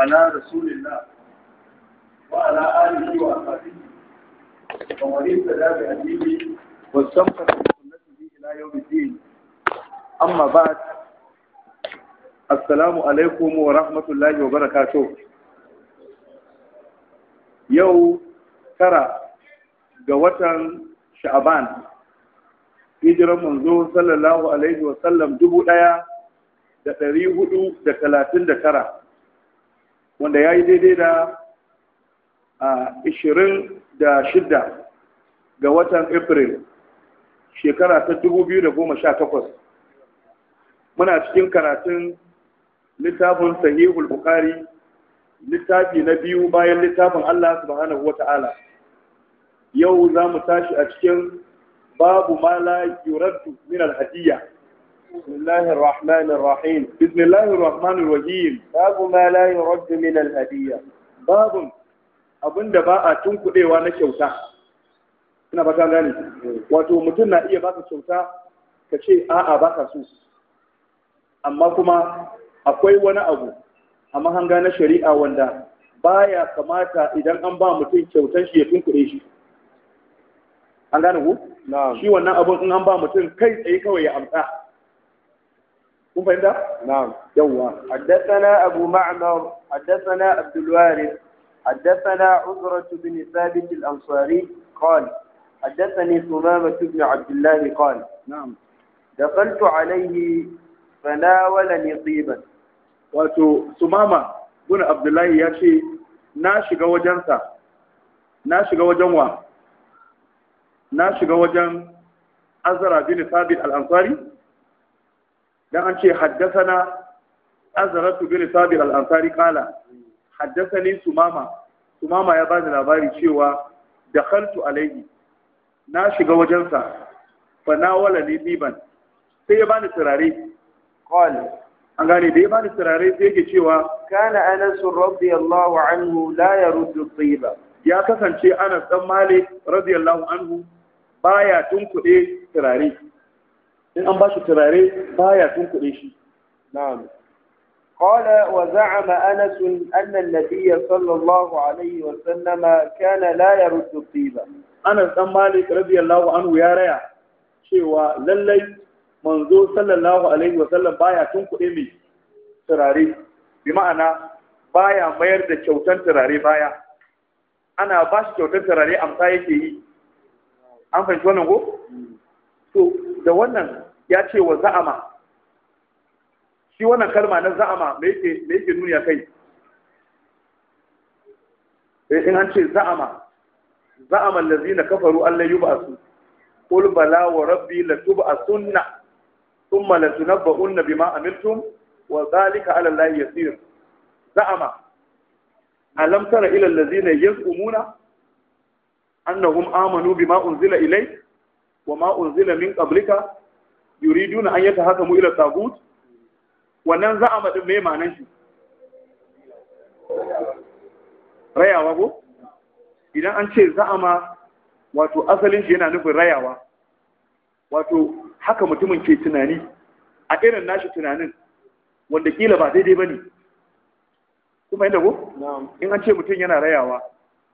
على رسول الله وعلى آله وأصحابه ومن اهتدى بهديه واستمسك بسنته إلى يوم الدين أما بعد السلام عليكم ورحمة الله وبركاته يو ترى ga شعبان sha'aban hijiran manzo sallallahu alaihi wa sallam dubu ɗaya da ɗari hudu da talatin da tara wanda ya yi daidai da ishirin da shidda ga watan april shekara ta dubu da goma sha takwas muna cikin karatun littafin sahihul bukari littafi na biyu bayan littafin allah subhanahu wa ta'ala yau za mu tashi a cikin babu mala la yuraddu min hadiyya بسم الله الرحمن الرحيم بسم الله الرحمن الرحيم باب ما لا يرد من الهدية باب abin da ba a tunkuɗewa na kyauta ina ba ta gane wato mutum na iya baka kyauta ka ce a'a baka so amma kuma akwai wani abu a mahanga na shari'a wanda baya kamata idan an ba mutum kyautan shi ya tunkuɗe shi an gane ku shi wannan abun in an ba mutum kai tsaye kawai ya amsa kun fahimta na'am yawa haddathana abu ma'mar haddathana abdul warith haddathana uzra bin thabit al ansari qala haddathani sumama ibn abdullah qala na'am دخلت عليه فناولني طيبا wato sumama bin abdullahi ya ce na shiga wajensa na shiga wajen na shiga wajen azara bin sabit al-ansari dan an ce haddasana azratu bin sabir al-ansari qala haddasani sumama sumama ya bada labari cewa dakhaltu alayhi na shiga wajensa fa nawala ni diban sai ya bani turare qala an gane da ya bani turare sai yake cewa kana anas radiyallahu anhu la yaruddu tayyiba ya kasance anas dan malik radiyallahu anhu baya tunkude turare in an ba shi turare baya tun kuɗe shi na'am قال وزعم أنس أن النبي صلى الله عليه وسلم كان لا يرد الطيبة أنس أم مالك رضي الله عنه يا ريع شوى للي منذ صلى الله عليه وسلم بايا تنكو إمي تراري بمعنى بايا مير دا كوتان تراري بايا أنا باش كوتان تراري أمتا يكي أم فنشوانا هو to da wannan ya ce wa za'ama shi wannan kalma na za'ama me yake me yake nuni kai eh, in an ce za'ama za'ama allazina kafaru yi ba su. qul bala wa rabbi la tub'asunna na ba'un na bima amiltum wa zalika 'ala allahi yasir za'ama alam tara ila An yaz'umuna annahum amanu bima unzila ilai? wa ma unzila min qablika yuriduna an yatahakamu ila tagut wannan za a madin me manan shi rayawa ko idan an ce za ma wato asalin shi yana nufin rayawa wato haka mutumin ke tunani a irin nashi tunanin wanda kila ba daidai ba ne kuma yadda ko? in an ce mutum yana rayawa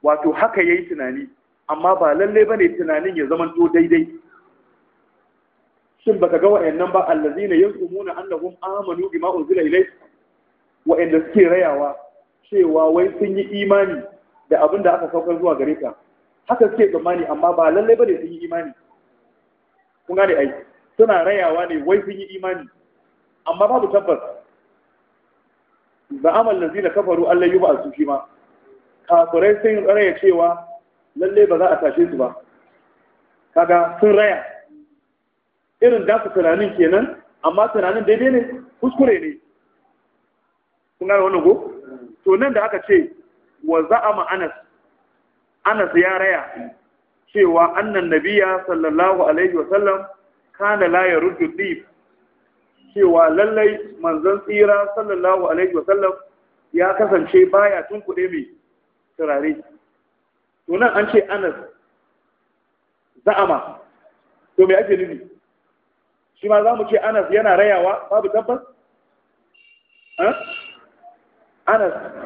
wato haka ya yi tunani amma ba lalle ba ne tunanin ya to daidai shin baka ga wa'annan ba allazina yazumuna annahum amanu bima unzila ilayk wa'anda suke rayawa cewa wai sun yi imani da abin da aka saukar zuwa gare ka haka suke tsammani amma ba lallai bane sun yi imani kun gane ai suna rayawa ne wai sun yi imani amma babu tabbas da amal lazina kafaru Allah yi ba a ma kafirai sun raya cewa lalle ba za a tashe su ba kaga sun raya irin da su tunanin kenan amma tunanin daidai ne kuskure ne kun gane wannan ko to nan da aka ce wa za'ama anas anas ya raya cewa annan nabiya sallallahu alaihi wa sallam kana la yaruddu dib cewa lallai manzon tsira sallallahu alaihi wa sallam ya kasance baya tun kuɗe mai turare to nan an ce anas za'ama to me ake nufi shi ma za mu ce anas yana rayawa babu tabbas anas